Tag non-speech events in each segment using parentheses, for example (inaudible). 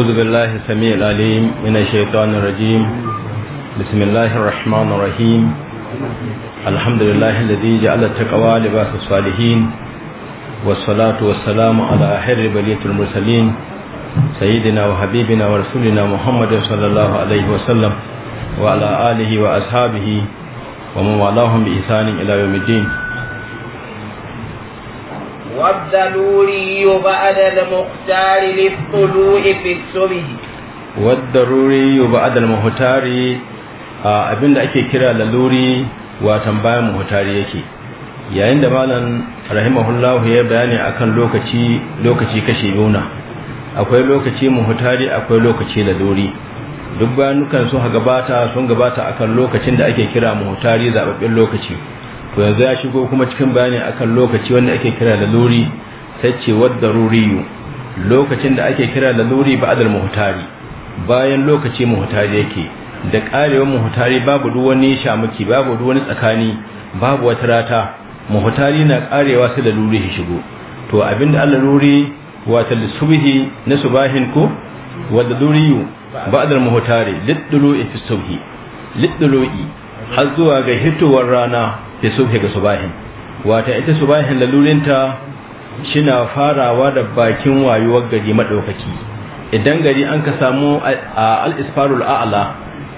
أعوذ بالله السميع العليم من الشيطان الرجيم بسم الله الرحمن الرحيم الحمد لله الذي جعل التقوى لباس الصالحين والصلاة والسلام على أحر بلية المرسلين سيدنا وحبيبنا ورسولنا محمد صلى الله عليه وسلم وعلى آله وأصحابه ومن والاهم بإحسان إلى يوم الدين والضروري بعد المختار للطلوع في الصبح والضروري بعد المختار abinda ake kira laluri watan bayan muhtari yake yayin da malam rahimahullahu ya bayani akan lokaci lokaci kashe yuna akwai lokaci muhtari akwai lokaci laluri duk bayanukan sun gabata sun gabata akan lokacin da ake kira muhtari zababbin lokaci to yanzu ya shigo kuma cikin bayani akan lokaci wanda ake kira laluri ta ce wadda ruriyu lokacin da ake kira laluri ba adal muhutari bayan lokaci Muhutari yake da karewar Muhutari babu duk wani shamuki babu duk wani tsakani babu wata rata Muhutari na karewa sai laluri shi shigo to abinda Allah luri wata subhi na subahin ko wadda duriyu ba adal muhutari liddulu fi subhi liddulu har zuwa ga hitowar rana ya subhi ga subahin wata ita subahin lalurinta shina farawa da bakin wayuwar gari madaukaki idan gari an ka samu al-isfarul a'la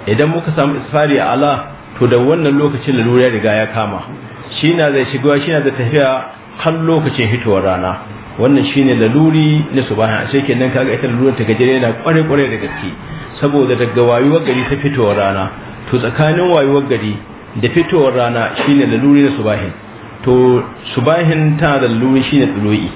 idan muka samu isfari a'la to da wannan lokacin lalura riga ya kama shina zai shi shina zai tafiya har lokacin hitowar rana wannan shine laluri na subhana sai kenan kaga ita lalurar ta gajere yana kware kware da gaske saboda daga wayuwar gari ta fitowar rana to tsakanin wayuwar gari da fitowar rana shine laluri da subahin to subahin ta da laluri shine tsuloyi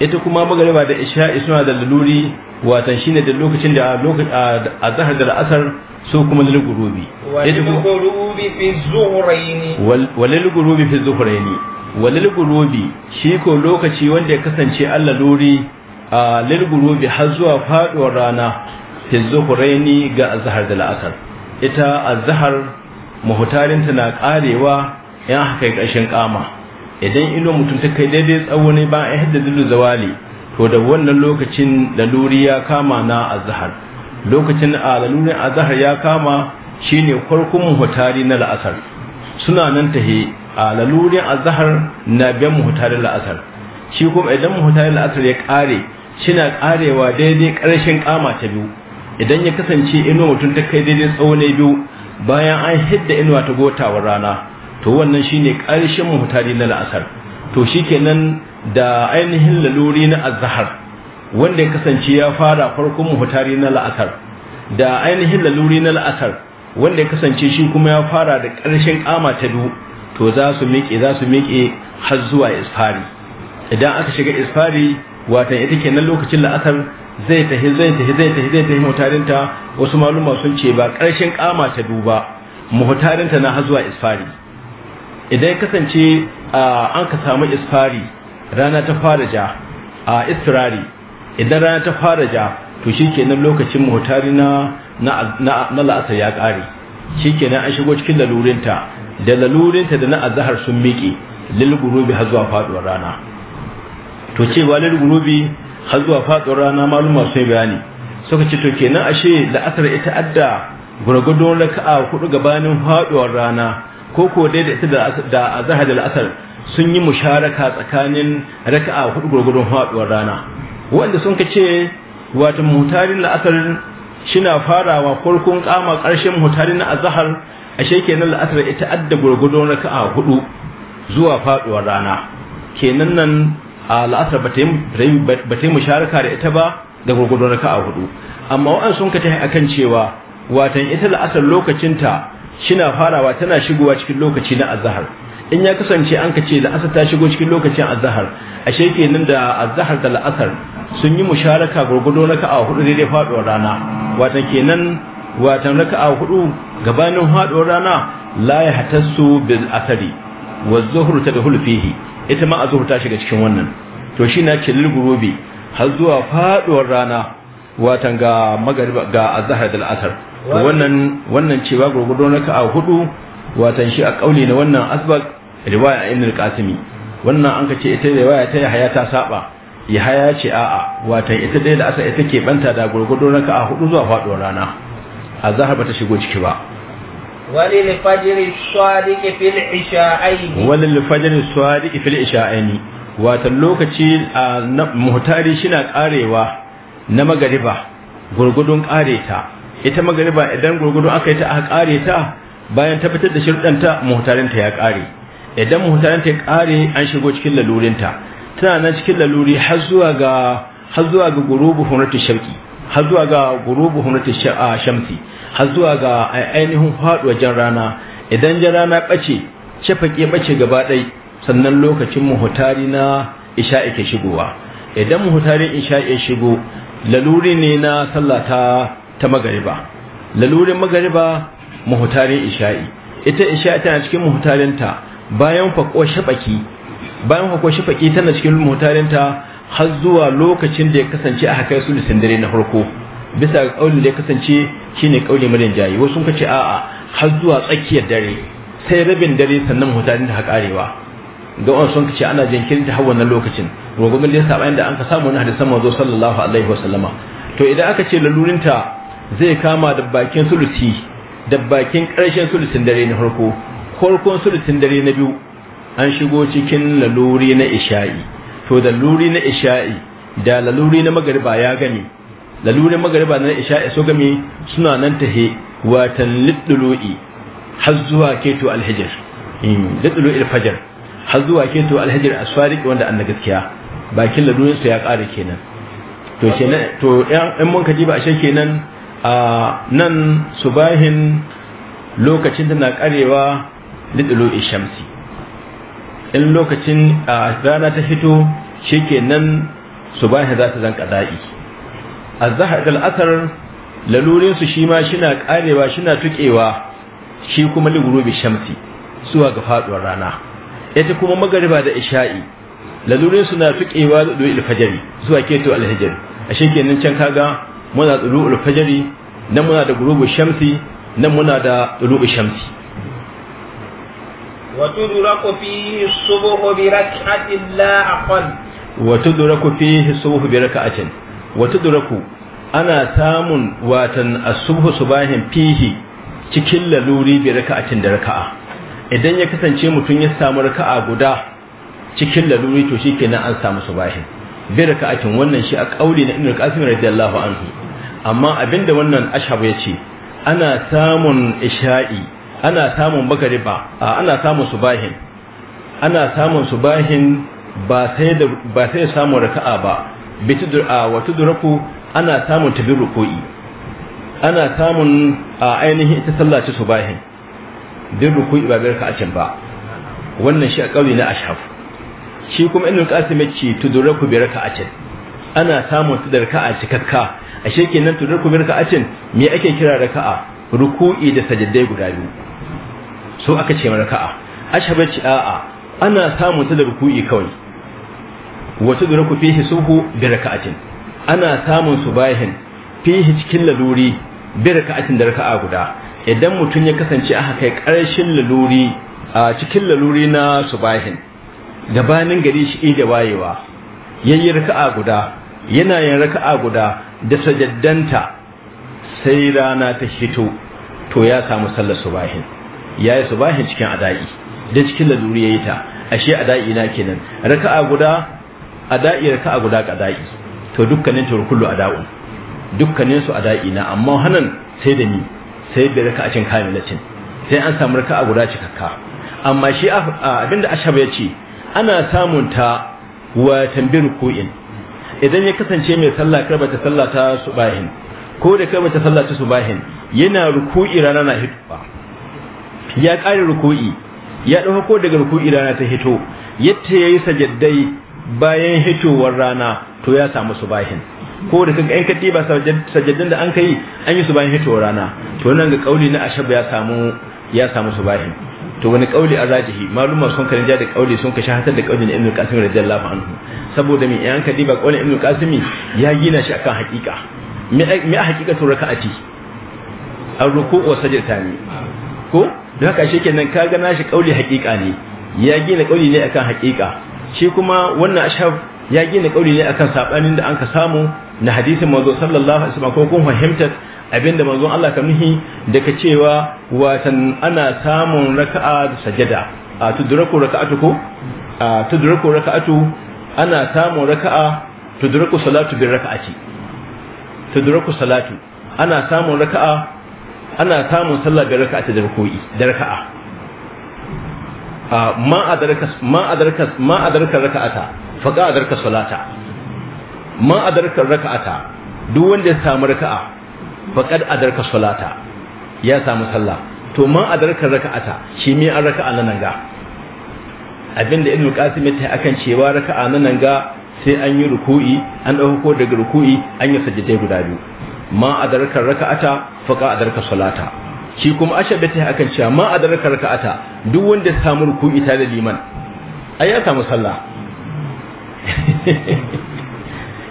ita kuma magariba da isha'i suna da laluri watan shine da lokacin da a zahar da asar su kuma lil gurubi ita kuma gurubi fi zuhraini walil gurubi fi zuhraini walil gurubi shi ko lokaci wanda ya kasance Allah luri a lil gurubi har zuwa faduwar rana fi zuhraini ga azhar da al'asar ita azhar mahutarinta na karewa yan haka ƙarshen kama idan ido mutum ta kai daidai tsawo ne ba a yadda dillu zawali to da wannan lokacin laluri ya kama na azhar lokacin a lalurin azhar ya kama shine farkon muhtari na la'asar suna nan tahe a lalurin azhar na bi muhtari la'asar shi kuma idan muhtari la'asar ya kare shina karewa daidai ƙarshen kama ta biyu idan ya kasance ido mutum ta kai daidai tsawo ne biyu bayan an hidda inuwa ta gotawar rana to wannan shine ƙarshen muhtari na la'asar to shikenan da ainihin laluri na azhar wanda ya kasance ya fara farkon muhtari na la'asar da ainihin laluri na la'asar wanda ya kasance shi kuma ya fara da ƙarshen kama ta du to za su miƙe za su miƙe har zuwa isfari idan aka shiga isfari watan ita kenan lokacin la'asar zai tafi zai tahi zai tafi zai tafi mutarinta wasu maluma sun ce ba ƙarshen kama ta duba mutarinta na zuwa isfari idan kasance an ka samu isfari rana ta fara ja a idan rana ta fara ja to shikenan lokacin mutari na na la'asar ya ƙare shikenan an shigo cikin lalurinta da lalurinta da na azahar sun miƙe lilgurubi har zuwa faɗuwar rana to cewa lilgurubi har zuwa faɗin rana maluma sai bayani suka ce to kenan ashe la'asar ita adda gurgudun raka'a hudu gabanin faɗuwar rana ko ko dai da ita da azhar da la'asar sun yi musharaka tsakanin raka'a hudu gurgudun faɗuwar rana wanda sun ce wato mutarin la'asar shina farawa farkon kama ƙarshen mutarin azhar ashe kenan la'asar ita adda gurgudun raka'a hudu zuwa faɗuwar rana kenan nan a la'asar ba ta yi musharaka da ita ba da gurgudun raka a hudu amma wa'an sun ka tahi akan cewa watan ita la'asar lokacinta shina farawa tana shigowa cikin lokaci na azahar in ya kasance an ka ce la'asar ta shigo cikin lokacin azahar ashe kenan da azahar da la'asar sun yi musharaka gurgudun raka a hudu daidai faduwar rana watan kenan watan raka a hudu gabanin faduwar rana la ya hatassu bil asari wa ta tadhulu fihi ita ma azhur ta shiga cikin wannan to shi na ce lil har zuwa faduwar rana watan ga magariba ga azhar da al'asar to wannan wannan cewa ka a hudu watan shi a kauli na wannan asbaq riwaya ibn al-qasimi wannan an kace ita riwaya ta yahaya ta saba yahaya ce a'a watan ita dai da asa ita ke banta da ka a hudu zuwa faduwar rana azhar bata shigo ciki ba وللفجر الصادق في العشاءين وللفجر الصادق في العشاءين watan lokaci muhtari shina karewa na magariba gurgudun kareta ita magariba idan gurgudun aka yi ta aka kareta bayan tabbatar da shirdanta muhtarinta ya kare idan muhtarinta ya kare an shigo cikin lalurinta tana nan cikin laluri har zuwa ga har zuwa ga gurubu hunratu shauki har zuwa ga gurubu hunati shamsi har zuwa ga ainihin faduwa jan rana idan jan rana bace shafaqi bace gaba dai sannan lokacin muhtari na isha'i ke shigowa idan muhtarin isha'i shigo laluri ne na sallata ta magariba lalurin magariba muhtarin isha'i ita isha'i tana cikin muhtarinta bayan faƙo shafaqi bayan fako shafaqi tana cikin muhtarinta har zuwa lokacin da ya kasance a kai sulusin dare na farko bisa ga kaulin da ya kasance shine kauli marin jayi wasu kace a'a har zuwa tsakiyar dare sai rabin dare sannan mutanen da haƙarewa. karewa ga wani sun kace ana jinkirin ta hawa na lokacin rogobin da saba inda an ka samu na hadisan manzo sallallahu alaihi wasallama to idan aka ce lalurinta zai kama da bakin sulusi da bakin karshen sulusin dare na farko farkon sulusin dare na biyu an shigo cikin laluri na isha'i to da luri na isha'i da laluri na magariba ya gani lalurin magariba na isha'i so gami suna nan ta he watan liddulu'i har zuwa keto alhijir hmm, liddulu'i alfajar har zuwa keto alhijir asfarik wanda an na gaskiya bakin lalurin su ya ƙara kenan to kenan to yan mun kaji ba a kenan a nan subahin lokacin na karewa liddulu'i shamsi in lokacin a rana ta fito nan su ba za ta zan A zahar da al'asar lalurin su shi ma shina karewa shina tukewa shi kuma ligurubi shamsi zuwa ga faduwar rana ita kuma magariba da isha'i lalurin su na tukewa da duwi ilfajari zuwa keto alhijr a nan can kaga muna tsuru ilfajari nan muna da gurubu shamsi nan muna da tsuru shamsi وتدرك فيه الصبح بركعة لا أقل وتدرك فيه الصبح بركعة وتدرك أنا سام واتن الصبح صباحا فيه cikin laluri bi raka'atin da raka'a idan ya kasance mutum ya samu raka'a guda cikin laluri to shikenan an samu subahin bi raka'atin wannan shi a kauli na Ibn Qasim radiyallahu anhu amma abinda wannan ashabu ya ce ana samun isha'i ana samun magariba ana samun subahin ana samun subahin ba sai da ba sai samun raka'a ba a wa tudraku ana samun tabir ruku'i ana samun a ainihin ita sallaci subahin din ruku'i ba a cin ba wannan shi a kauli na ashaf shi kuma inna qasim yace tudraku bi cin ana samun su da raka'a cikakka ashe kenan tudraku bi cin me ake kira raka'a ruku'i da sajaddai guda biyu so aka ce raka'a ashhabat a'a ana samun ta da ruku'i kawai wata da ruku fihi suhu bi raka'atin ana samun su bayan fihi cikin laluri bi raka'atin da raka'a guda idan mutum ya kasance aka kai karshen laluri a cikin laluri na subahin gabanin gari shi da wayewa yayi raka'a guda yana yin raka'a guda da sajaddanta sai rana ta hito to ya samu sallar subahin ya yi subahin cikin ada'i da cikin laluri ya yi ta ashe ada'i na kenan raka'a guda ada'i raka'a guda kada'i to dukkanin turkullu ada'un dukkanin su ada'i na amma hanan sai da ni sai da raka'a cin kamilatin sai an samu raka'a guda cikakka amma shi abinda ashab ya ce ana samun ta wa tambir ko'in idan ya kasance mai sallah karbata sallah ta subahin ko da karbata sallah ta subahin yana ruku'i rana na hidda. ya ƙare ruku'i ya ɗauko daga ruku'i rana ta hito yadda ya yi sajaddai bayan hitowar rana to ya samu subahin ko da kaga in ka ɗiba sajaddan da an kai an yi su bayan hitowar rana to nan ga kauli na ashab ya samu ya samu subahin to wani kauli arrajihi maluma sun kan ja da kauli sun ka shahatar da kaulin da qasim radiyallahu anhu saboda me in ka diba kaulin Ibn qasim ya gina shi akan hakika me me hakikatu raka'ati ar-ruku' wa sajdatani ko da haka shi kenan ka gana shi kauli haƙiƙa ne ya gina kauli ne akan haƙiƙa shi kuma wannan ashab ya gina kauli ne akan sabanin da anka samu na hadisin manzo sallallahu alaihi wasallam ko kun fahimtar abinda manzon Allah ka nuhi daga cewa watan ana samun raka'a da sajada a tudraku raka'atu ko a tudraku raka'atu ana samun raka'a tudraku salatu bir raka'ati tudraku salatu ana samun raka'a ana samun sallah bi raka'a ta ruku'i da raka'a ma adarka ma adarka ma adarka raka'ata ka adarka salata ma adarka raka'ata duk wanda ya samu raka'a faqad adarka salata ya samu sallah to ma adarka raka'ata shi me an raka'a nan ga abinda ibnu qasim ya akan cewa raka'a nan ga sai an yi ruku'i an dauko daga ruku'i an yi sajjadai guda biyu ma adarka raka'ata ka adarka salata shi kuma ashabata akan cewa ma adarka raka'ata duk wanda ya samu ruku'i ita da liman ai ya samu sallah (laughs)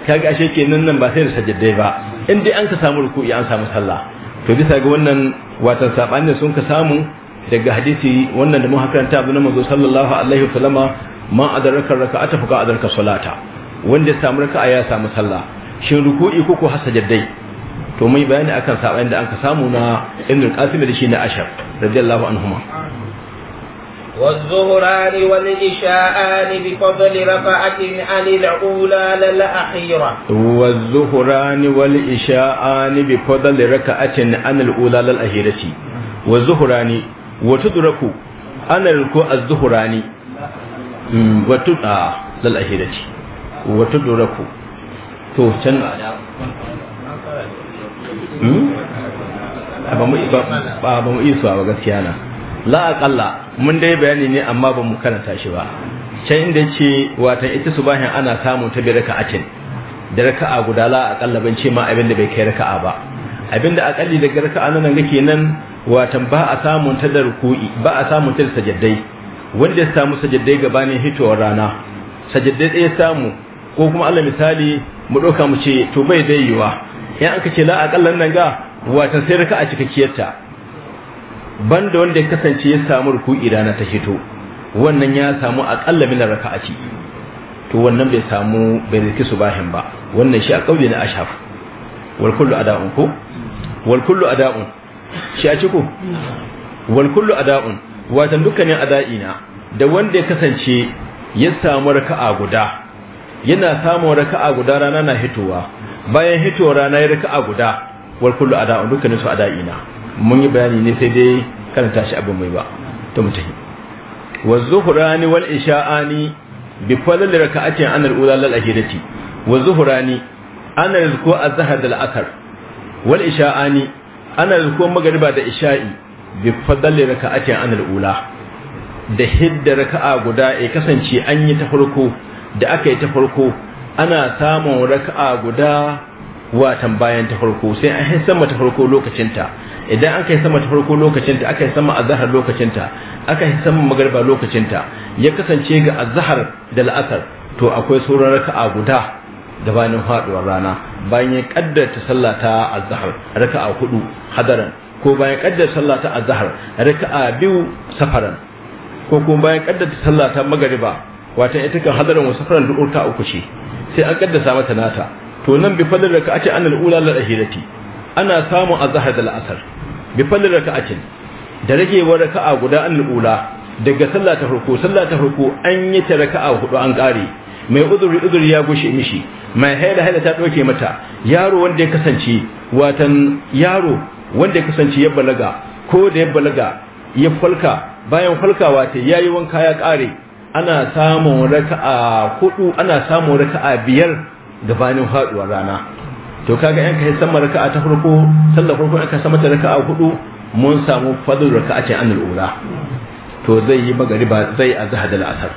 kaga ashe kenan nan ba sai da sajjadai ba in dai an ka samu ruku'i an samu sallah to bisa ga wannan watan sabani sun ka samu daga hadisi wannan da mu hakanta abu na manzo sallallahu alaihi wasallama ma adarka raka'ata faqa adarka salata wanda ya samu raka'a ya samu sallah shin ruku'i ko ko hasajaddai to mai bayani akan sabayin da anka samu na Ibn Qasim da shi na Ashab radiyallahu anhuma wazuhrani wal isha'ani bi fadli rafa'atin 'ala al-ula lal akhira wazuhrani wal isha'ani bi fadli rak'atin 'ala al-ula lal akhirati wazuhrani watudraku ana ruku az-zuhrani watu'a lal akhirati to can Hmm? ba mu isuwa ba gaskiya na la aƙalla mun dai bayani ne amma ba mu karanta shi ba can inda ce watan ita su subahin ana samun ta a cin da raka'a guda la aƙalla ban ce ma abin da bai kai raka'a ba abin da aƙalli daga raka'a nan gake nan watan ba a samun ta da ruku'i ba a samun ta da sajaddai wanda ya samu sajaddai gabanin hitowar rana sajaddai ɗaya samu ko kuma Allah misali mu ɗauka mu ce to bai dai yiwa in aka ce la aqallan nan ga wata sai raka'a cikakkiyarta banda wanda ya kasance ya samu ruku rana ta hito wannan ya samu aqalla min raka'ati to wannan bai samu bai riki subahin ba wannan shi a kauye na ashaf wal kullu ada'un ko wal kullu ada'un shi a ko? wal kullu ada'un watan dukkanin ada'ina da wanda ya kasance ya samu raka'a guda yana samu raka'a guda rana na hitowa bayan hito rana ya raka'a guda wal kullu ada'un dukkanin su ada'ina mun yi bayani ne sai dai karanta shi abin mai ba to mutahi wa zuhrani wal isha'ani bi fadl raka'atin an al-ula lil akhirati wa zuhrani ana rizqu az-zahr dal asr wal isha'ani ana rizqu magriba da isha'i bi fadl raka'atin an ula da hidda raka'a guda ya kasance an yi ta farko da aka yi ta farko ana samun raka'a guda watan bayan ta farko sai an yi sama ta farko lokacinta idan aka yi sama ta farko lokacinta aka yi sama azhar lokacinta aka yi sama magarba lokacinta ya kasance ga azhar da la'asar to akwai sauran raka'a guda da bayan faduwar rana bayan ya kaddarta sallah ta azhar raka'a hudu hadaran ko bayan kaddar sallah ta azhar raka'a biyu safaran ko kuma bayan kaddar sallah ta magariba wato ita kan hadaran wa safaran duk ta uku ce sai an kaddasa mata nata to nan bi fadl raka'ati an al-ula lil ahirati ana samu azhar da al-asr bi fadl raka'atin da ragewar raka'a guda an al-ula daga sallah ta farko sallah ta farko an yi ta raka'a hudu an kare mai uzuri uzuri ya gushe mishi mai haila haila ta doke mata yaro wanda ya kasance watan yaro wanda ya kasance ya balaga ko da ya balaga ya falka bayan falkawa ta yayi wanka ya kare ana samun raka'a hudu ana samun raka'a biyar gabanin haduwar rana to kaga yan kai sama raka'a ta farko sallar farko an ka ta raka'a hudu mun samu fadl raka'a ce anil ula to zai yi magariba zai azhar da asr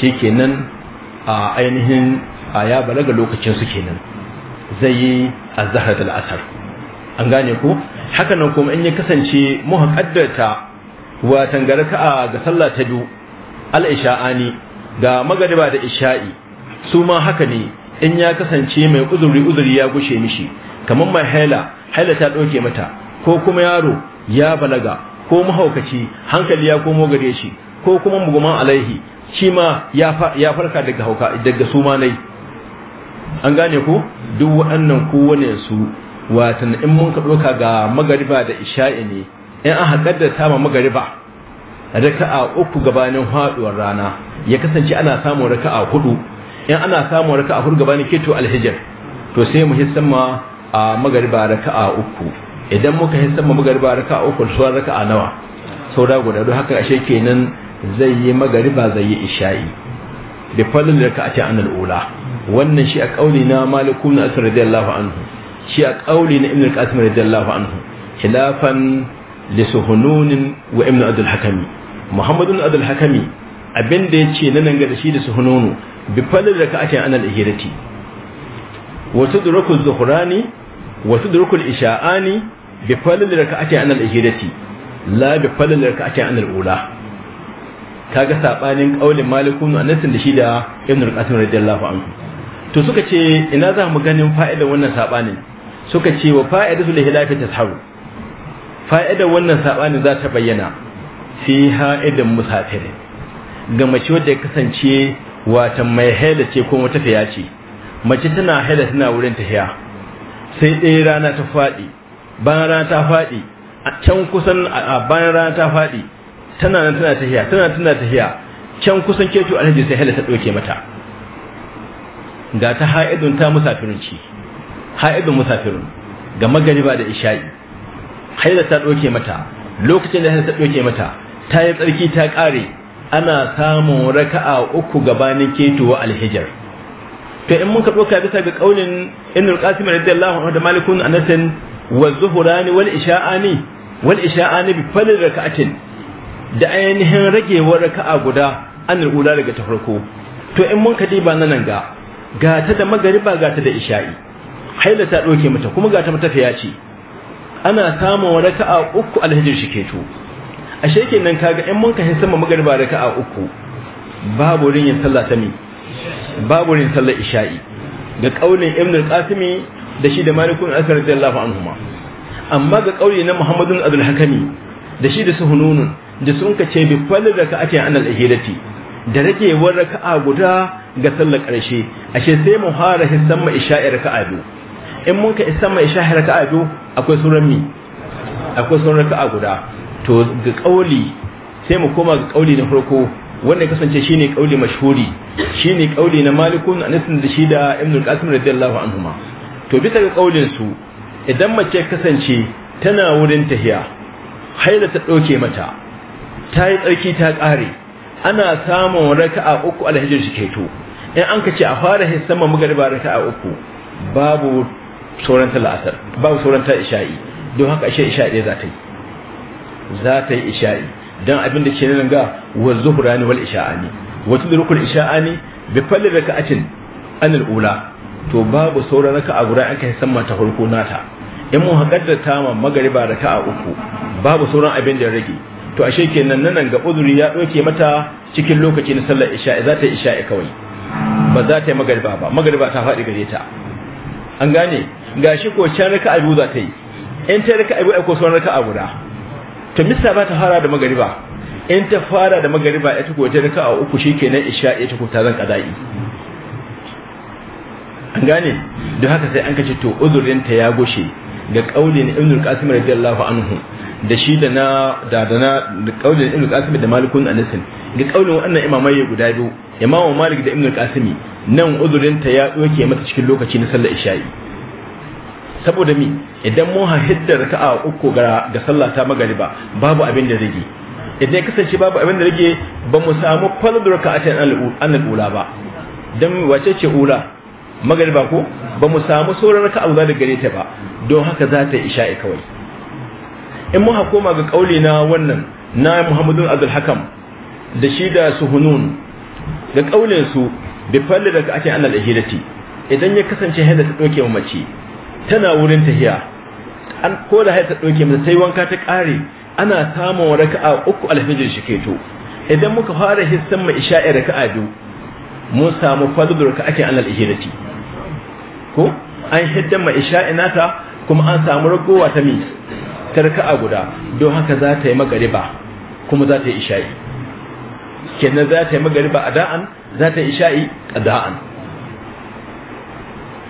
shikenan a ainihin a ya balaga lokacin su kenan zai yi azhar da asr an gane ko haka nan kuma in ya kasance muhaqqaddata wa tangaraka ga sallah ta biyu al-isha'ani ga magariba da isha'i su ma haka ne in ya kasance mai uzuri uzuri ya gushe mishi kamar mai haila haila ta ɗauke mata ko kuma yaro ya balaga ko mahaukaci hankali ya komo gare shi ko kuma muguman alaihi shi ma ya farka daga hauka daga su manai an gane ku duk waɗannan kowane su watan in mun ka ɗauka ga magariba da isha'i ne in an haƙaddata ma magariba raka'a uku gabanin haduwar rana ya kasance ana samun raka'a hudu in ana samun raka'a hudu gabanin keto alhijr to sai mu hissamma a magariba raka'a uku idan muka hissamma magariba raka'a uku sai raka'a nawa saboda guda don haka ashe kenan zai yi magariba zai yi isha'i bi fadlin ta anal ula wannan shi a kauli na malikun asr radiyallahu anhu shi a kauli na ibn al-qasim radiyallahu anhu khilafan لسهنون وإمن wa الحكمي hakami muhammadun adul hakami abin da ya ce nan ga da shi da su hunonu bi falil da ka'atin anal ihirati wasu tudrakul zuhrani wasu tudrakul isha'ani bi falil da ka'atin anal ihirati la bi falil da ka'atin anal ula kaga sabanin kaulin malikun anasin da shi da ibnu qasim radiyallahu anhu to suka ce ina za mu ganin fa'idar wannan sabanin suka ce wa fa'idatu lihilafi tasharu fa'idar wannan sabanin za ta bayyana fi ha'idan musafirin ga mace wadda ya kasance wata mai haida ce ko matafiya ce mace tana haida tana wurin tafiya sai ɗaya rana ta faɗi bayan rana ta faɗi a can kusan a bayan rana ta faɗi tana nan tana tafiya tana tana tafiya can kusan kecu alhaji sai haida ta ɗauke mata ga ta ha'idun ta musafirin ce ha'idun musafirin ga magariba da isha'i haila ta ɗauke mata lokacin da ta ɗauke mata ta yi tsarki ta ƙare ana samun raka'a uku gabanin ketowa alhijar to in muka ɗauka bisa ga ƙaunin ibn al-qasim radiyallahu anhu da malikun anasin wa zuhurani wal isha'ani wal isha'ani bi falil raka'atin da ainihin ragewar raka'a guda an ula daga ta farko to in mun kadi ba nan ga ga ta da magariba ga ta da isha'i haila ta ɗauke mata kuma ga ta matafiya ce ana samun raka'a uku alhijir shi to ashe kenan kaga in mun kai sama magriba raka'a uku babu rin yin sallah ta babu rin sallah isha'i ga kaulin ibn al-qasimi da shi da malikun asar radiyallahu anhuma amma ga kauli na muhammadun abdul hakami da shi da suhununun da sun ka ce bi fal raka'atin an al-ahirati da ragewar raka'a guda ga sallar karshe ashe sai mu fara hissan ma isha'i raka'a biyu in mun ka isa mai shahara ka ajo akwai sauran mi akwai sauran raka'a guda to ga kauli sai mu koma ga kauli na farko wanda kasance shine kauli mashhuri shine kauli na malikun anas da shi da ibn qasim radiyallahu anhuma to bisa ga kaulin su idan mace kasance tana wurin tahiya haila ta dauke mata tayi tsarki ta kare ana samun raka'a uku alhijr shi keto in an kace a fara hisama magariba raka'a uku babu sauran ta la'asar babu sauran ta isha'i don haka ashe isha'i ɗaya za ta yi za ta yi isha'i don abin da ke nan ga wa zuhura ne wal da rukun isha'a ne bi a raka'atin anil ula to babu sauran a guda an kai samma ta farko nata in mun haƙaddar tama magariba a uku babu sauran abin da rage to ashe na nan ga uzuri ya ɗauke mata cikin lokaci na sallar isha'i za ta yi isha'i kawai ba za ta yi magariba ba magariba ta faɗi gare ta an gane gashi ko can raka biyu za ta yi in ta raka'a biyu ko sauran raka'a guda to misa ba ta fara da magariba in ta fara da magariba ita ko ta raka'a uku shikenan isha ita ko ta zan qada'i an gane don haka sai an kace to uzurin ta ya goshe ga kaulin ibn al-qasim radiyallahu anhu da shi da na da da na da kaulin ibn al-qasim da malikun anas ga kaulin wannan imamai guda biyu imamu malik da ibn al nan uzurinta ya doke mata cikin lokaci na sallar isha'i saboda mi idan mun haddar a uku ga ga sallah ta magariba babu abin da rage idan ya kasance babu abin da rage ba mu samu fardhu raka'atin al-ula ba dan wace ce ula magariba ko ba mu samu sauran raka'a a da gare ta ba don haka za ta isha'i kawai in mun koma ga kauli na wannan na Muhammadu Abdul Hakam da shi da Suhunun da kaulin su bi falli daga ake annal ahirati idan ya kasance haida ta doke mu mace tana wurin tahiya an ko da haida ta doke mu sai wanka ta kare ana samun raka'a uku alfijir shiketo idan muka fara hissan mu isha'i raka'a biyu mun samu fadlu raka'a ake annal ahirati ko an hiddan ma isha'i nata kuma an samu ragowa ta mi ta raka'a guda don haka za ta yi magariba kuma za ta yi isha'i kenan za ta yi magariba a da'an za ta isha'i a da'an.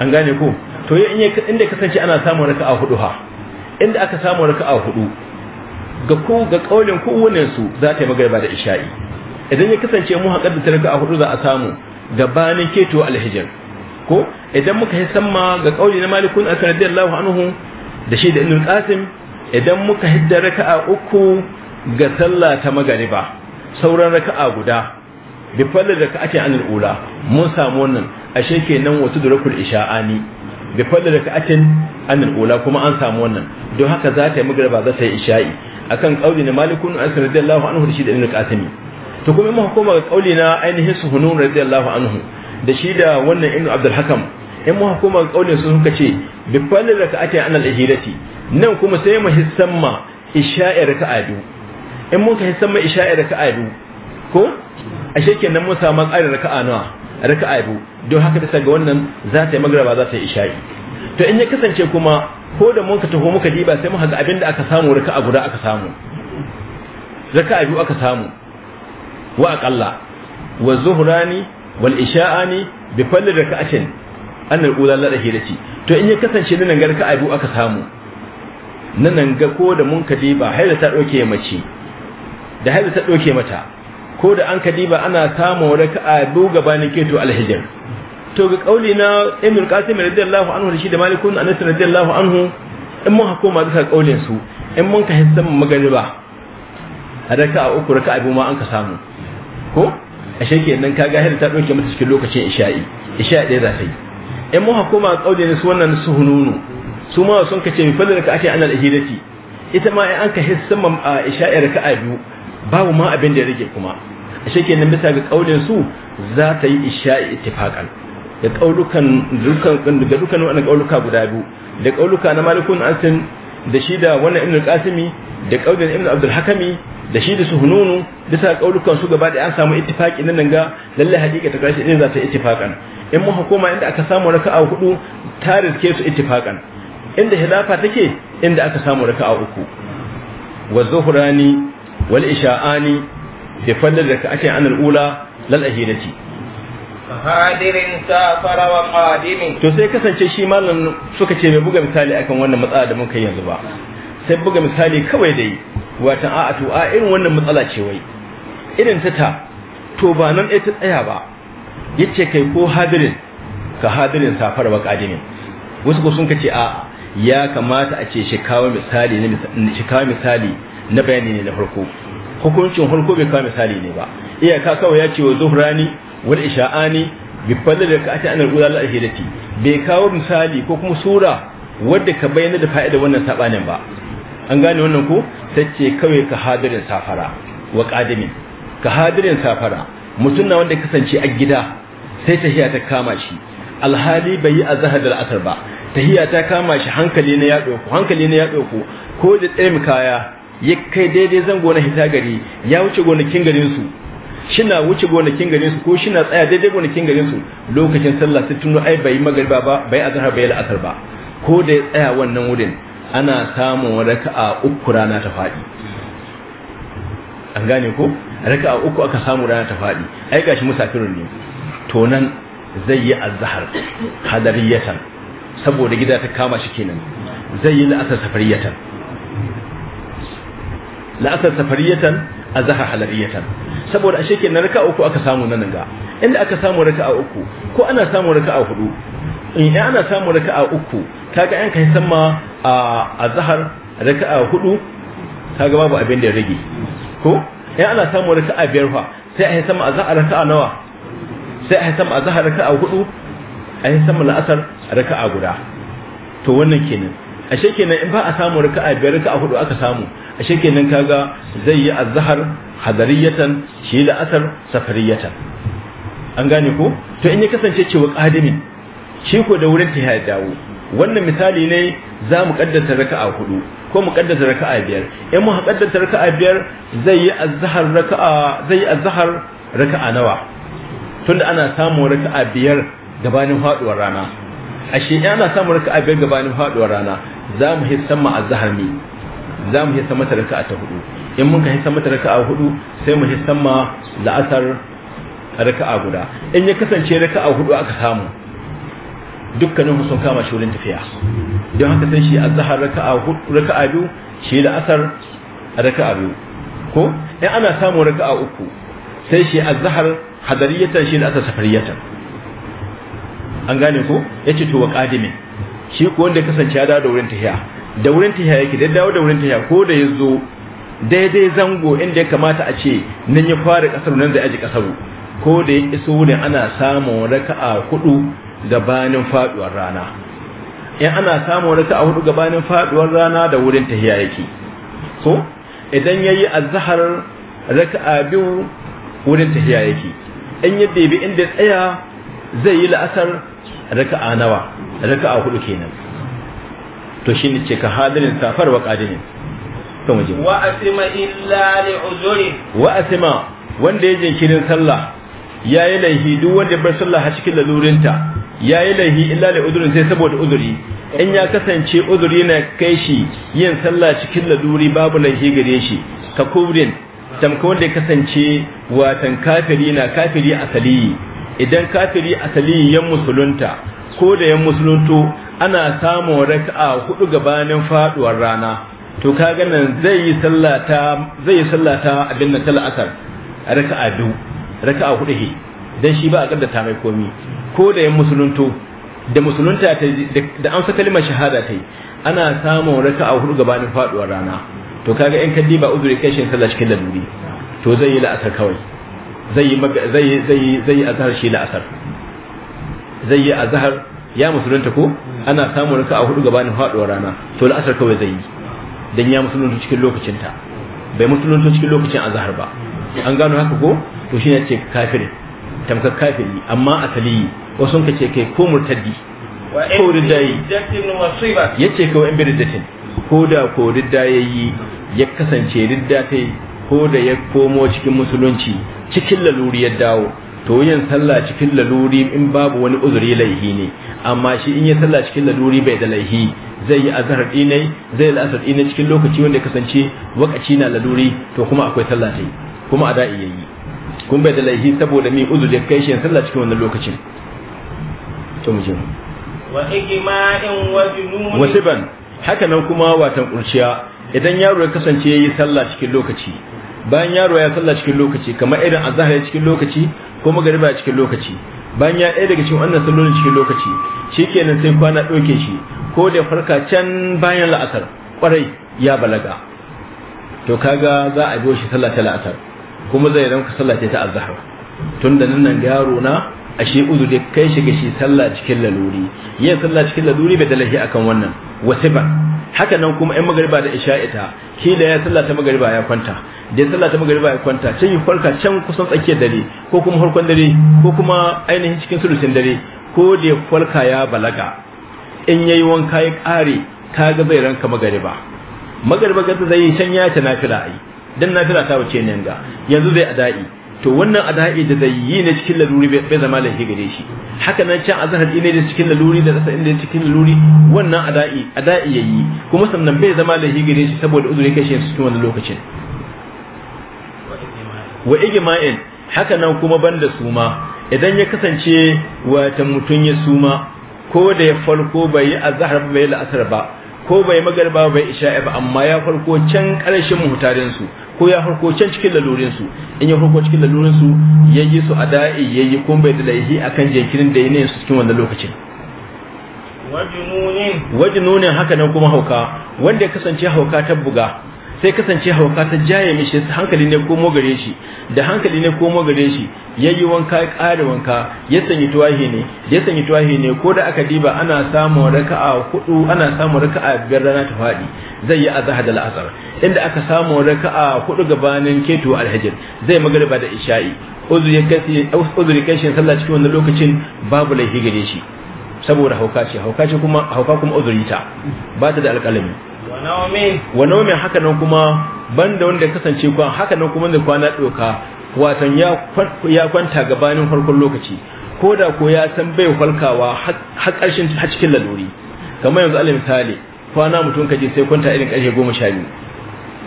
an gane ku to in inda kasance ana samun a hudu ha inda aka samu raka'a hudu ga ku ga kowanensu za ta yi magariba da isha'i idan ya kasance mu haƙar da ta a hudu za a samu gabanin keto alhijr ko idan muka yi sama ga kauli na malikun asar radiyallahu anhu da shi da ibn ƙasim idan muka hidda raka'a uku ga sallah ta magariba sauran raka'a guda bi fadli raka'atin anil ula mun samu wannan ashe kenan wato rukul isha'ani bi fadli raka'atin anil ula kuma an samu wannan don haka za ta yi magraba za ta yi isha'i akan kauli na malikun anas radiyallahu anhu da shi da ibn qasimi to kuma mun hukuma ga kauli na ainihin hunun radiyallahu anhu da shi da wannan ibn abdul hakam in mun hukuma ga kaulin su suka ce bi fadli raka'atin anil ihirati nan kuma sai mu hissamma isha'i raka'a biyu in mun ka hissamma isha'i raka'a biyu ko ashe kenan mun samu ƙarin raka'a nawa raka'a biyu don haka bisa ga wannan za ta yi magraba za ta yi isha'i to in ya kasance kuma ko da mun ka taho muka diba sai mun haka abin da aka samu raka'a guda aka samu raka'a biyu aka samu wa aqalla wa zuhrani wal isha'ani bi kulli raka'atin annal ula la dahirati to in ya kasance nan ga raka'a biyu aka samu nan ga ko da mun ka diba haila ta dauke mace da haila ta dauke mata ko da an kadiba ana samun raka'a biyu gabanin keto alhijir to ga kauli na Ibn Qasim radiyallahu anhu da shi da Malikun Anas radiyallahu anhu in mun hakoma duka kaulin su in mun ka hissan magariba a raka'a uku raka'a biyu ma an ka samu ko ashe kenan ka ga hira ta doke mata cikin lokacin isha'i isha'i ɗaya za ta yi in mun hakoma kaulin su wannan su hununu su ma sun kace fadar ka ake anal ihidati ita ma ai an ka hissan isha'i raka'a biyu babu ma abin da ya rage kuma shike nan bisa ga kaulin su za ta yi isha'i ittifaqan da kaulukan dukkan da dukkan wannan kauluka guda biyu da kauluka na malikun asin da shi da wannan ibn al-qasimi da kaulin ibn abdul hakimi da shi da suhununu bisa kaulukan su gaba da an samu ittifaqi nan ga lalle hakika ta kashi din za ta ittifaqan in mu hukuma inda aka samu raka'a hudu ta ke su ittifaqan inda hilafa take inda aka samu raka'a uku wa zuhrani wal isha'ani بفضل ركعتين عن الأولى للأهيلة hadirin safara wa qadimin to sai kasance shi malam suka ce bai buga misali akan wannan matsala da muka yanzu ba sai buga misali kawai dai watan a'a to a irin wannan matsala ce wai irin ta ta to ba nan ita tsaya ba yace kai ko hadirin ka hadirin safara wa qadimin wasu ko sun kace a ya kamata a ce shi kawo misali na misali na bayani ne na farko hukuncin hulko bai kawo misali ne ba iyaka kawai ya ce wa zuhrani wal isha'ani bi fadl da ati anar gudal al bai kawo misali ko kuma sura wadda ka bayyana da fa'ida wannan sabanin ba an gane wannan ko sace kawai ka hadirin safara wa qadimin ka hadirin safara mutum na wanda kasance a gida sai tahiya ta kama shi alhali bai yi zahad da la'asar ba tahiya ta kama shi hankali ne ya dauko hankali ne ya dauko ko da tsayin kaya ya kai daidai zan gona hita gari ya wuce gonakin garin su shina wuce gonakin garin su ko shina tsaya daidai gonakin garin su lokacin sallah sai tuno ai bai magariba ba bai azhar bai al'asar ba ko da ya tsaya wannan wurin ana samun raka'a uku rana ta fadi an gane ko raka'a uku aka samu rana ta fadi ai gashi musafirin ne to nan zai yi azhar kadariyatan saboda gida ta kama shi kenan zai yi la'asar safariyatan la'asar safariyatan azhar halariyatan saboda ashe kenan raka'a uku aka samu nan ga inda aka samu raka'a uku ko ana samu raka'a hudu eh, in ana samu raka'a uku kaga an kai sama a azhar raka'a hudu kaga babu abin da ya rage ko in ana samu raka'a biyar fa sai a yi sama azhar raka'a nawa sai a yi sama azhar raka'a hudu a yi sama la'asar raka'a guda to wannan kenan ashe kenan in ba a samu raka'a biyar raka'a hudu aka samu ashe kenan kaga zai yi azhar hadariyatan shi da asar safariyatan an gane ko to in ya kasance cewa qadimin shi ko da wurin ta ya dawo wannan misali ne za mu kaddanta raka'a hudu ko mu kaddanta raka'a biyar in mu kaddanta raka'a biyar zai yi azhar raka'a zai yi azhar raka'a nawa tunda ana samu raka'a biyar gabanin faduwar rana ashe ana samu raka'a biyar gabanin faduwar rana za mu hissan ma azhar ne za mu hissan mata raka'a ta hudu in muka hissan mata raka'a hudu sai mu hissan ma la'asar raka'a guda in ya kasance raka'a hudu aka samu dukkanin sun kama shi wurin tafiya don haka sai shi azhar raka'a hudu raka'a biyu shi la'asar raka'a biyu ko in ana samu raka'a uku sai shi azhar hadariyatan shi la'asar safariyatan an gane ko yace to wa qadimin shi ko wanda kasance ya da wurin tafiya da wurin tahiya yake da dawo da wurin tahiya ko da ya zo daidai zango inda ya kamata a ce nan ya fara kasaru nan zai aji kasaru ko da ya iso wurin ana samun raka'a hudu gabanin faduwar rana in ana samun raka'a hudu gabanin faduwar rana da wurin tahiya yake so idan yayi azhar raka'a biyu wurin tahiya yake in yadda bi inda tsaya zai yi la'asar raka'a nawa raka'a hudu kenan to shi ne ce ka hadirin safar wa qadirin to muje wa asima illa li uzuri wa asima wanda ya jinkirin sallah yayi laihi duk wanda bar sallah ha cikin lalurinta yayi laihi illa li uzuri. sai saboda uzuri in ya kasance uzuri na kai shi yin sallah cikin laluri babu laihi gare shi ka kubrin tamka wanda ya kasance watan kafiri na kafiri asali idan kafiri asali yan musulunta ko da yan musulunto ana samun raka'a hudu gabanin faduwar rana to kaga nan zai yi sallata zai yi sallata abin nan tala asar raka'a biyu raka'a hudu he dan shi ba a kaddata mai komi ko da yan musulunto da musulunta ta da amsa kalmar shahada ta ana samun raka'a hudu gabanin faduwar rana to kaga in kaddi ba uzuri kai shin sallah cikin laluri to zai yi la'asar kawai zai yi zai zai zai azhar shi la'asar zai yi azhar ya musulunta ko ana samun raka a hudu gabanin faduwar rana to la'asar kawai zai yi dan ya musulunta cikin lokacin ta bai musulunta cikin lokacin azhar ba an gano haka ko to shine ce kafirin tamkar kafiri amma asali wasu ka ce kai ko murtaddi ko riddayi yace kawai in bi riddatin ko da ko ridda ya kasance ridda ta ko da ya komo cikin musulunci cikin laluriyar dawo to yin sallah cikin laluri in babu wani uzuri laihi ne amma shi in yi sallah cikin laluri bai da laihi zai yi azhar dinai zai yi azhar dinai cikin lokaci wanda ya kasance wakaci na laluri to kuma akwai sallah ta kuma ada ya yi kun bai da laihi saboda mi uzuri kai shi sallah cikin wannan lokacin to mu je wa ijma'in wa junun haka nan kuma watan kurciya idan yaro ya kasance yayi sallah cikin lokaci bayan yaro ya sallah cikin lokaci kamar irin azhar cikin lokaci ko magariba a cikin lokaci bayan ya ɗaya daga cikin wannan sallolin cikin lokaci shi shikenan sai kwana ɗauke shi ko da farka can bayan la'asar kwarai ya balaga to kaga za a biyo shi sallah ta la'asar kuma zai ranka sallah ta azhar tunda nan nan yaro na ashe uzuri kai shiga shi sallah cikin laluri yin sallah cikin laluri bai dalahi akan wannan ba haka nan kuma ɗan magariba da ita ke da ya sallah ta magariba ya kwanta da ya sallah ta magariba ya kwanta can yi farka can kusan tsakiyar dare ko kuma harkon dare ko kuma ainihin cikin sulucin dare ko da ya farka ya balaga in ya yi wanka ya kare ga zai ranka magariba magariba ga zai yi can ya ta nafila ai dan nafila ta wuce ne ga yanzu zai a daɗi. to wannan ada'i da zai yi na cikin laluri bai zama laifi gare shi haka nan can azhar ne da cikin laluri da rasa inda cikin laluri wannan ada'i ada'i yayi kuma sannan bai zama laifi gare shi saboda uzuri kai su cikin wannan lokacin wa ijma'in haka nan kuma banda suma idan ya kasance wata mutun ya suma ko da ya farko bai yi azhar bai la'asar ba ko bai magarba bai isha'i ba amma ya farko can karshen mutarin su ko ya harko can cikin lalurinsu in ya harko cikin lalurinsu ya yi su a da'i ya yi kuma bai da laihi a kan jinkirin da yanayin su cikin wannan lokacin nunin haka nan kuma hauka wanda ya kasance hauka ta buga sai kasance hauka ta jaye mishi hankali ne komo gare shi da hankali ne komo gare shi yayi wanka ya ƙare wanka ya sanyi tuwahi ne ya sanyi tuwahi ne ko da aka diba ana samun raka'a hudu ana samun raka'a biyar rana ta faɗi zai yi azhar da la'azar inda aka samu raka'a hudu gabanin keto alhajir zai magriba da isha'i uzuri kasi uzuri kashin sallah cikin wannan lokacin babu laifi gare shi saboda hauka ce hauka kuma hauka kuma uzuri ta ba ta da alƙalami wa naumin haka nan kuma banda wanda kasance kwan haka nan kuma da kwana doka watan ya kwanta gabanin farkon lokaci ko da ko ya san bai falkawa har ƙarshen har cikin lalori kamar yanzu alal misali kwana mutum kaje sai kwanta irin ƙarshe goma sha biyu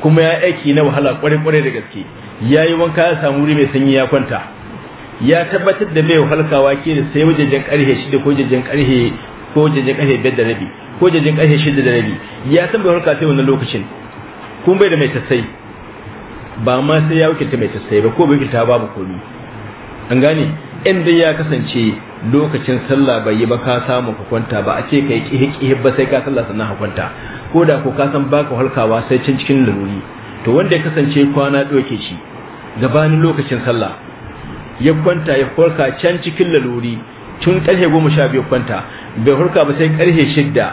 kuma ya aiki na wahala ƙwarai ƙwarai da gaske ya yi wanka ya samu wuri mai sanyi ya kwanta ya tabbatar da bai halkawa ke da sai wajejen karhe shida ko wajejen ƙarshe ko jajin ƙarfe biyar da rabi ko jajin ƙarfe shida da rabi ya san bai harka sai wannan lokacin kun bai da mai tassai ba ma sai ya wakilta mai tassai ba ko bai wakilta babu komi an gane in dai ya kasance lokacin sallah bai yi ba ka samu ka kwanta ba a ce ka yi ƙihi ba sai ka sallah sannan ka kwanta ko da ko ka san baka halkawa sai can cikin laruri to wanda ya kasance kwana ɗauke shi gabanin lokacin sallah ya kwanta ya farka can cikin laluri tun ƙarfe goma sha biyu kwanta bai hurka ba sai karhe shidda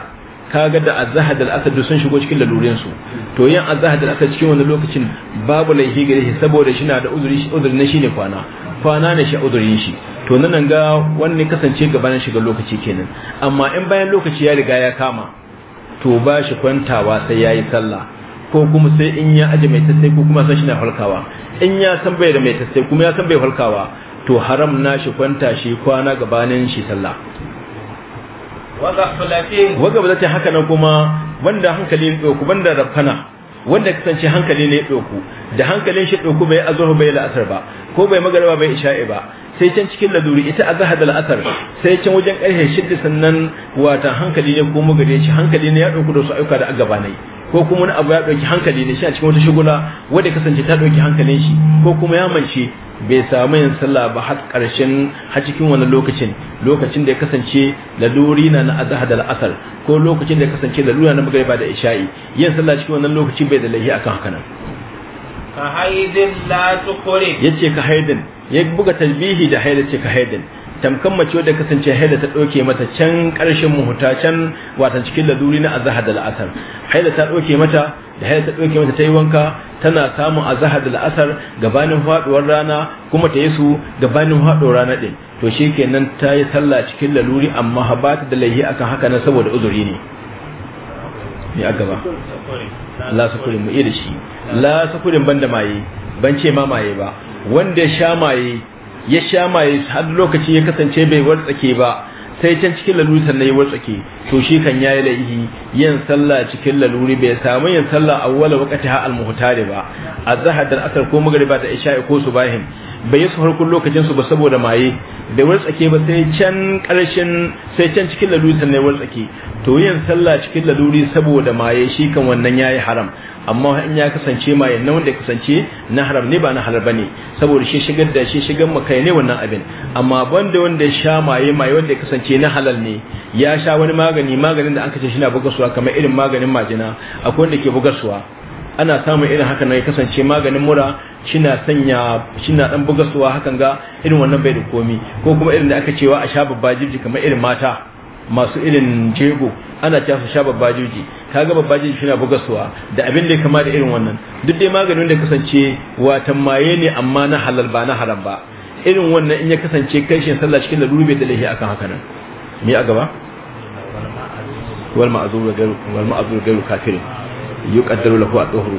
kaga da azahar da asad sun shigo cikin lalurin su to yin azahar da asad cikin wani lokacin babu laifi gare shi saboda shi na da uzuri na shi ne kwana kwana ne shi uzurin shi to nan ga wanne kasance gabanin shiga lokaci kenan amma in bayan lokaci ya riga ya kama to ba shi kwantawa sai ya yi sallah ko kuma sai in ya aje mai tasai ko kuma san shi na halkawa in ya san bai da mai tasai kuma ya san bai halkawa to haram na shi kwanta shi kwana gabanin shi sallah wagablatin haka nan kuma wanda hankali ya ɗauku banda wanda kasance hankali ne ya ɗauku da hankalin shi ɗauku bai azhar bai la'asar ba ko bai magaraba bai isha'i ba sai can cikin laduri ita a zaha da la'asar sai can wajen ƙarfe shidda sannan wata hankali ne ko magare shi hankali ne ya ɗauki da su ayyuka da agaba ne ko kuma wani abu ya ɗauki hankali ne shi a cikin wata shigula wadda kasance ta ɗauki hankalin shi ko kuma ya mance bai samu yin sallah ba har ƙarshen har cikin wani lokacin lokacin da ya kasance laduri na na azhar da la'asar ko lokacin da ya kasance laduri na ba da isha'i yin sallah cikin wannan lokacin bai da lahi akan haka nan ka haidin la yace ka haidin ya buga talbihi da haida ce ka haidin tamkan mace wadda kasance haida ta ɗauke mata can karshen muhuta can wata cikin laluri na azahar da la'asar haida ta ɗauke mata da haida ta ɗauke mata tayi wanka tana samun azahar da la'asar gabanin faduwar rana kuma ta yi su gabanin faduwar rana din. to shikenan kenan ta yi sallah cikin laluri amma ba ta da laihi akan haka na saboda uzuri ne ne a gaba la sukurin mu iya da shi la sukurin ban da maye ban ce ma maye ba wanda ya sha maye ya sha maye har lokaci ya kasance bai wartsake ba sai can cikin laluri sannan ya wartsake to shi kan yayi laihi yin sallah cikin laluri bai samu yin sallah awwala waqtiha al-muhtari ba a azhar da asar ko magriba da isha'i ko subahin bai yi su harkun lokacin ba saboda maye da tsake ba sai can karshen sai can cikin laluri sannan wartsake to yin sallah cikin laluri saboda maye shi kan wannan ya yi haram amma in ya kasance maye na wanda ya kasance na haram ne ba na halal bane saboda shi shigar da shi shigar makai ne wannan abin amma banda wanda ya sha maye maye wanda ya kasance na halal ne ya sha wani magani maganin da an ce shi na bugarsuwa kamar irin maganin majina akwai wanda ke bugarsuwa ana samun irin haka na ya kasance maganin mura shina sanya shina dan bugasuwa hakan ga irin wannan bai da komi ko kuma irin da aka cewa a sha babba jibji kamar irin mata masu irin jego ana cewa su sha babba jibji kaga babba jibji shina bugasuwa da abin da ya kama da irin wannan duk dai maganin da kasance watan maye ne amma na halal ba na haram ba irin wannan in ya kasance kai shi sallah cikin da bai da lahi akan haka nan me a gaba wal ma'azur wal ma'azur kafirin yuqaddaru lahu at-tuhru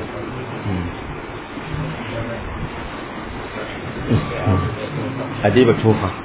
ajiba tufa